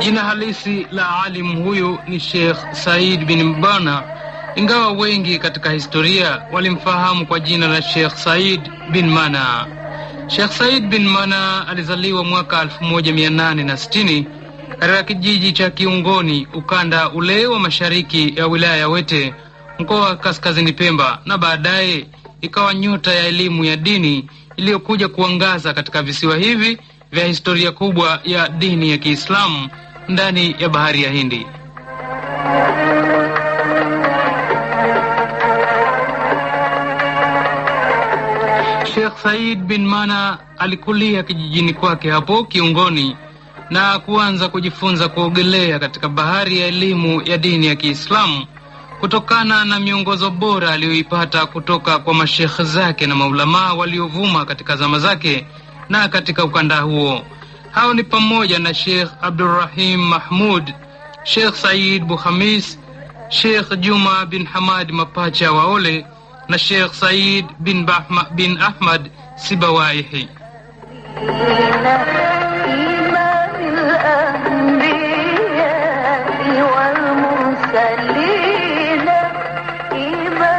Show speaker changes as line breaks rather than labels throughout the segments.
Jina halisi la alimu huyu ni Sheikh Said bin Mbana, ingawa wengi katika historia walimfahamu kwa jina la Sheikh Said bin Mana. Sheikh Said bin Mana alizaliwa mwaka 1860 katika kijiji cha Kiungoni, ukanda ule wa mashariki ya wilaya ya Wete, mkoa wa Kaskazini Pemba, na baadaye ikawa nyota ya elimu ya dini iliyokuja kuangaza katika visiwa hivi vya historia kubwa ya dini ya Kiislamu ndani ya bahari ya Hindi. Sheikh Said bin Mana alikulia kijijini kwake hapo Kiungoni na kuanza kujifunza kuogelea katika bahari ya elimu ya dini ya Kiislamu kutokana na miongozo bora aliyoipata kutoka kwa mashekhe zake na maulamaa waliovuma katika zama zake na katika ukanda huo. Hao ni pamoja na Sheikh Abdurrahim Mahmud, Sheikh Said Bukhamis, Sheikh Juma bin Hamad Mapacha Waole na Sheikh Said bin, Bahma, bin Ahmad Sibawaihi.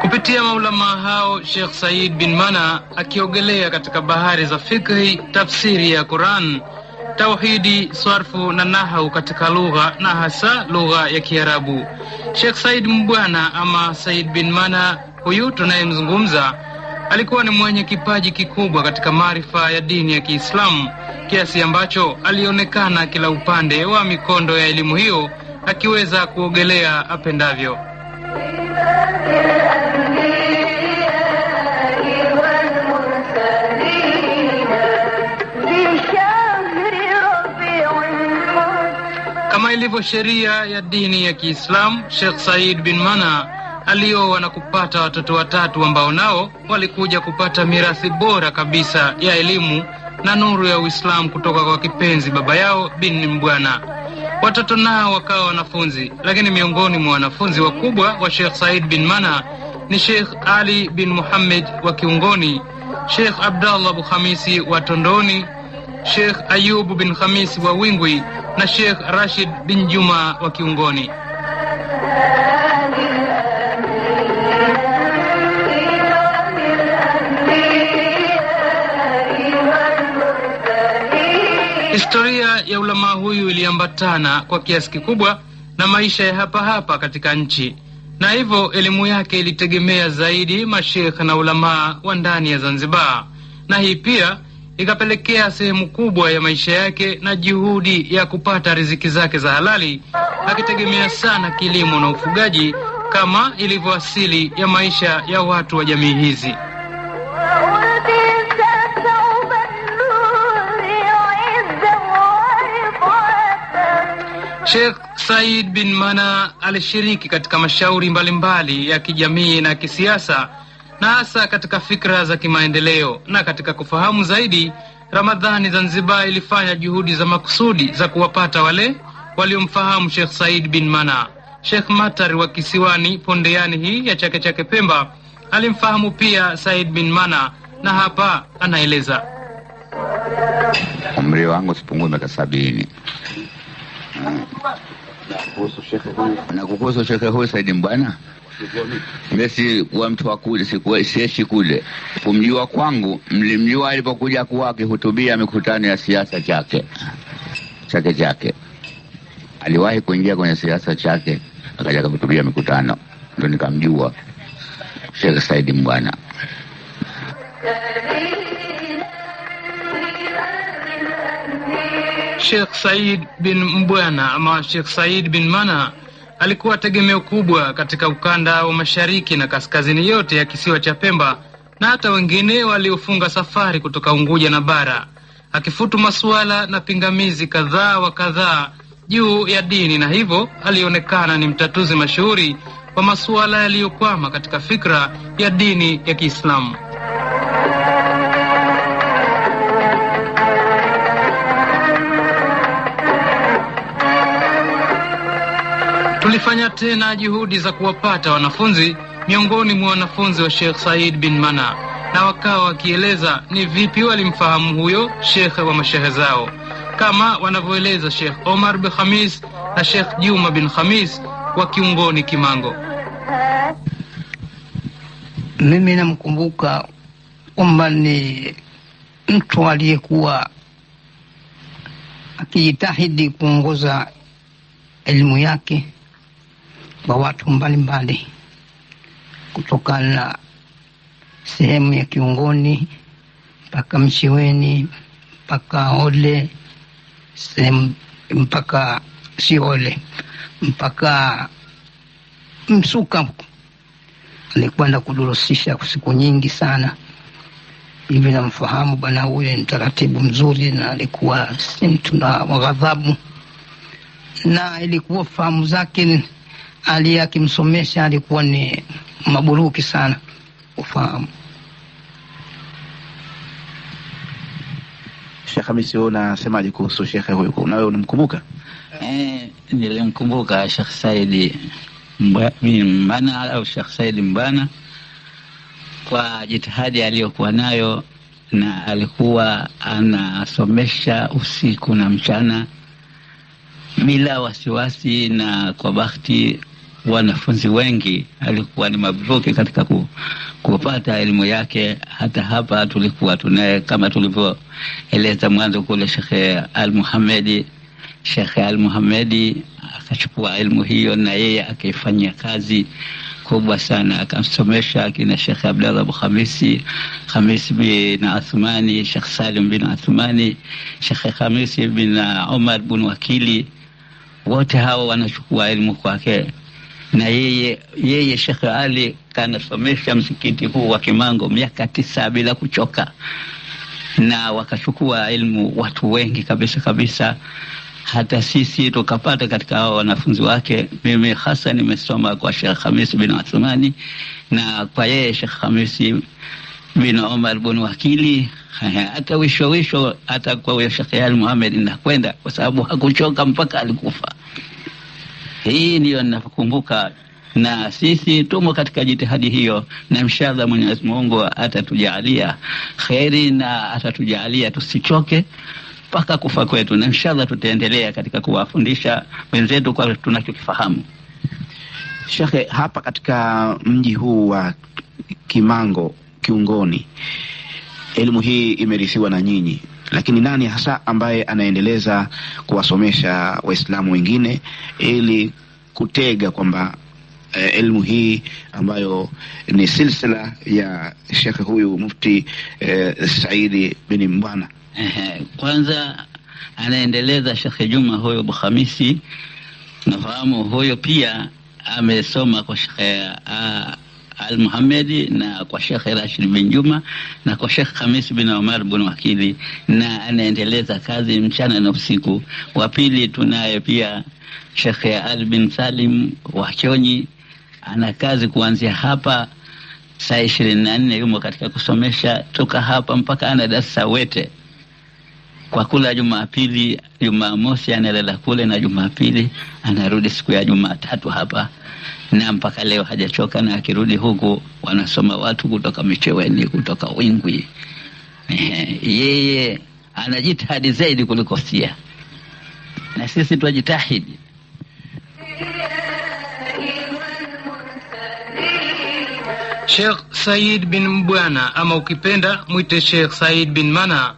Kupitia maulamaa hao, Sheikh Said bin Mana akiogelea katika bahari za fikhi, tafsiri ya Quran tauhidi, swarfu na nahau katika lugha na hasa lugha ya Kiarabu. Sheikh Said Mbwana ama Said bin Mana, huyu tunayemzungumza, alikuwa ni mwenye kipaji kikubwa katika maarifa ya dini ya Kiislamu kiasi ambacho alionekana kila upande wa mikondo ya elimu hiyo akiweza kuogelea apendavyo. ilivyo sheria ya dini ya Kiislamu, Sheikh Said bin Mana alioa na kupata watoto watatu ambao nao walikuja kupata mirathi bora kabisa ya elimu na nuru ya Uislamu kutoka kwa kipenzi baba yao bin Mbwana. Watoto nao wakawa wanafunzi, lakini miongoni mwa wanafunzi wakubwa wa Sheikh Said bin Mana ni Sheikh Ali bin Muhammad wa Kiungoni, Sheikh Abdallah Abu Khamisi wa Tondoni, Sheikh Ayubu bin Khamisi wa Wingwi na Sheikh Rashid bin Juma wa Kiungoni. Historia ya ulamaa huyu iliambatana kwa kiasi kikubwa na maisha ya hapa hapa katika nchi, na hivyo elimu yake ilitegemea zaidi mashekh na ulamaa wa ndani ya Zanzibar, na hii pia ikapelekea sehemu kubwa ya maisha yake na juhudi ya kupata riziki zake za halali akitegemea sana kilimo na ufugaji kama ilivyo asili ya maisha ya watu wa jamii hizi. Sheikh Said bin Mana alishiriki katika mashauri mbalimbali mbali ya kijamii na kisiasa na hasa katika fikra za kimaendeleo. Na katika kufahamu zaidi, Ramadhani Zanzibar ilifanya juhudi za makusudi za kuwapata wale waliomfahamu Sheikh Said bin Mana. Sheikh Matar wa kisiwani Pondeani hii ya Chake Chake Pemba alimfahamu pia Said bin Mana, na hapa anaeleza.
Umri wangu sipungui miaka sabini na kuhusu shekhe huyu Said Mbwana mimi kuwa mtu wa kule sieshi kule. Kumjua kwangu, mlimjua alipokuja kuwa akihutubia mikutano ya siasa chake chake chake. Aliwahi kuingia kwenye siasa chake, akaja akahutubia mikutano, ndo nikamjua Sheikh Saidi Mbwana.
Sheikh Said bin Mbwana ama Sheikh Said bin Mana alikuwa tegemeo kubwa katika ukanda wa mashariki na kaskazini yote ya kisiwa cha Pemba na hata wengine waliofunga safari kutoka Unguja na bara, akifutu masuala na pingamizi kadhaa wa kadhaa juu ya dini, na hivyo alionekana ni mtatuzi mashuhuri wa masuala yaliyokwama katika fikra ya dini ya Kiislamu. Tulifanya tena juhudi za kuwapata wanafunzi miongoni mwa wanafunzi wa Sheikh Said bin Mana, na wakawa wakieleza ni vipi walimfahamu huyo shekhe wa mashehe zao, kama wanavyoeleza Sheikh Omar bin Khamis na Sheikh Juma bin Khamis wa Kiungoni Kimango.
Mimi namkumbuka kwamba ni mtu aliyekuwa akijitahidi kuongoza elimu yake wa watu mbalimbali kutokana na sehemu ya kiungoni mpaka Mchiweni mpaka Ole sehemu mpaka si Ole mpaka Msuka. Alikwenda kudurusisha siku nyingi sana hivi, namfahamu bwana huyo, ni taratibu mzuri, na alikuwa si mtu na ghadhabu, na ilikuwa fahamu zake aliye akimsomesha alikuwa ni maburuki sana ufahamu.
Shekh Hamisi, wewe unasemaje kuhusu shekhe huyu? wewe unamkumbuka?
Eh, nilimkumbuka Shekh Saidi Mbana au Shekh Saidi Mbana kwa jitihadi aliyokuwa nayo, na alikuwa anasomesha usiku na mchana bila wasiwasi, na kwa bahati wanafunzi wengi alikuwa ni mabruki katika ku, kupata elimu yake. Hata hapa tulikuwa tunaye kama tulivyoeleza mwanzo kule Shekhe Al Muhamedi. Shekhe Al Muhamedi akachukua elimu hiyo na yeye akaifanyia kazi kubwa sana, akamsomesha akina Shekhe Abdallah Abu Khamisi, Khamisi bin Athmani, Shekh Salim bin Athmani, Shekhe Khamisi bin Umar bin Wakili, wote hao wanachukua elimu kwake na yeye yeye Sheikh Ali kanasomesha msikiti huu wa Kimango miaka tisa bila kuchoka, na wakachukua elimu watu wengi kabisa kabisa hata sisi tukapata katika hao wanafunzi wake. Mimi hasa nimesoma kwa Sheikh Hamis bin Athmani na kwa yeye Sheikh Hamis bin Omar bin Wakili, hata wishowisho hata kwa Sheikh Ali Muhammad nakwenda, kwa sababu hakuchoka mpaka alikufa. Hii ndiyo ninakumbuka, na sisi tumo katika jitihadi hiyo, na mshaza Mwenyezi Mungu atatujalia kheri na atatujalia tusichoke mpaka kufa kwetu, na mshaza tutaendelea katika kuwafundisha wenzetu kwa tunachokifahamu.
Shekhe, hapa katika mji huu wa Kimango Kiungoni, elimu hii imerithiwa na nyinyi, lakini nani hasa ambaye anaendeleza kuwasomesha Waislamu wengine ili kutega kwamba elimu eh, hii ambayo ni silsila ya shekhe huyu mufti eh, Saidi bin Mbwana.
kwanza anaendeleza Shekhe Juma huyo Bukhamisi, nafahamu huyo pia amesoma kwa Shekhe ah, Al Muhamedi na kwa Sheikh Rashid bin Juma na kwa Sheikh Khamis bin Omar bin Wakili, na anaendeleza kazi mchana na usiku. Wa pili tunaye pia Sheikh al bin Salim wa Chonyi, ana kazi kuanzia hapa saa ishirini na nne yumo katika kusomesha toka hapa mpaka ana darasa Wete kwa kula Jumapili, Jumamosi analala kule na Jumapili anarudi siku ya Jumatatu hapa, na mpaka leo hajachoka, na akirudi huku wanasoma watu kutoka Micheweni, kutoka Wingwi. yeye anajitahidi zaidi kuliko sia, na sisi twajitahidi
Sheikh Said bin Mbwana ama ukipenda mwite Sheikh Said bin Mana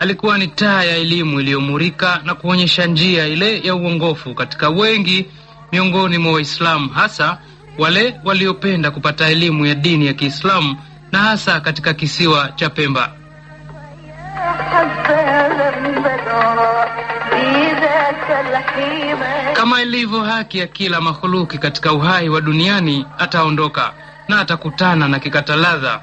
alikuwa ni taa ya elimu iliyomurika na kuonyesha njia ile ya uongofu katika wengi miongoni mwa Waislamu, hasa wale waliopenda kupata elimu ya dini ya Kiislamu na hasa katika kisiwa cha Pemba. Kama ilivyo haki ya kila makhuluki katika uhai wa duniani, ataondoka na atakutana na kikataladha,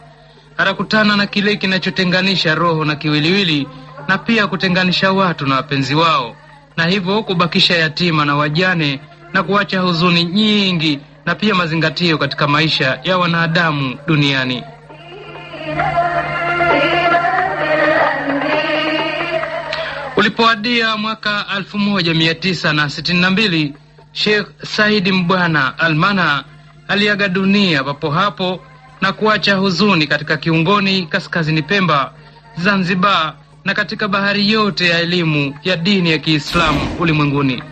atakutana na kile kinachotenganisha roho na kiwiliwili na pia kutenganisha watu na wapenzi wao, na hivyo kubakisha yatima na wajane na kuacha huzuni nyingi na pia mazingatio katika maisha ya wanadamu duniani. Ulipoadia mwaka 1962 Sheikh Saidi Mbwana Almana aliaga dunia papo hapo na kuacha huzuni katika kiungoni kaskazini Pemba, Zanzibar, na katika bahari yote ya elimu ya dini ya Kiislamu ulimwenguni.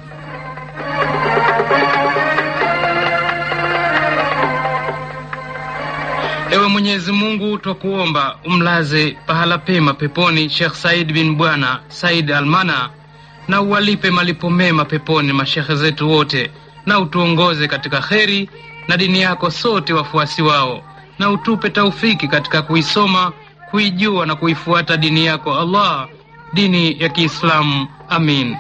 Ewe Mwenyezi Mungu, twakuomba umlaze pahala pema peponi Sheikh Said bin Bwana Said Almana, na uwalipe malipo mema peponi mashekhe zetu wote, na utuongoze katika kheri na dini yako sote wafuasi wao, na utupe taufiki katika kuisoma kuijua na kuifuata dini yako Allah, dini ya Kiislamu. Amin.